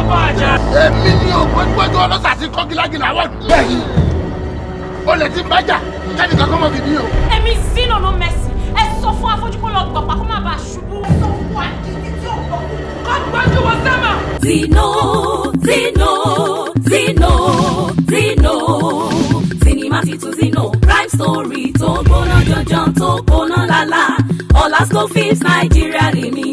èmi ni ògbójúgbójú ọlọ́sà ti kọ́ gílágílá wọ́n bẹ́ẹ̀ o lè ti bájà kẹ́ni kankan mọ̀ bìbí o. èmi zino ló mẹ́sì ẹ sọ fún afọ́júkọ lọ gbọ̀pá kó má bàa ṣubú. ẹ sọ fún wa títí tí ò gbọ́ kó gbọ́jú wọn sábà. zino zino zino zino sinimá titun zino prime story tó gbóná jọjọ tó gbóná lálá ọ̀làsófin nàìjíríà nìyí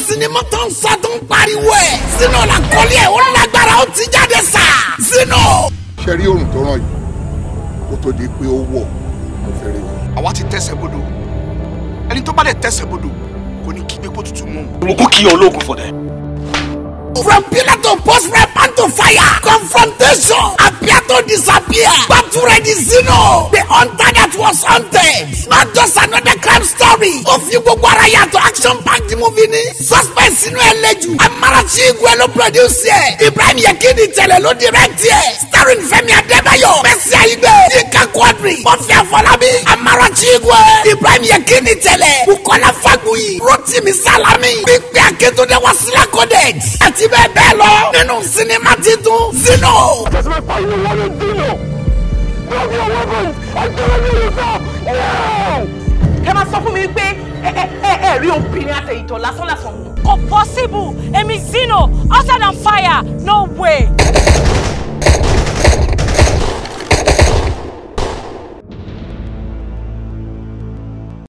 sinimá tó ń sá tó ń pariwo ẹ̀ sínú ẹ̀ ó lágbára ó ti jáde sá sínú. ṣe rí oòrùn tó ràn yìí kó tó di pé ó wọ̀ mo fẹ́ rí wọn. àwa ti tẹ̀sẹ̀ bodò ẹni tó bá dẹ̀ tẹ̀sẹ̀ bodò kò ní kígbe kó tutù mú. mo kó kí olóògùn fọdẹ. From pillar to post, red man to fire. Confrontation. Appear to disappear. to ready, Zeno. The hunter that was hunted. Not just another crime ó fi gbogbo ara yàtọ̀ action packed movie ni suspense inú ẹ lẹ́jù amarachi igwe ló produce ẹ̀ ibrahim yekini tẹ̀lẹ̀ ló direct ẹ̀ starring fẹ́mi adébáyọ̀ bẹ́sẹ̀ ayigbe yínká quadri kọfí àfọlábí amarachi igwe ibrahim yekini tẹ̀lẹ̀ bukola fagbuyi rotimi salami pípẹ́ akétodé wasila codex àti bẹ́ẹ̀ bẹ́ẹ̀ lọ nínú sinimá titun zino. That's my final one in Dino! Grab your weapons and deliver yourself! Yeah! nítorí pé ẹ̀rí obìnrin àtẹ̀yìntàn lásán lásán. kò possible èmi Zino hotter than fire no way.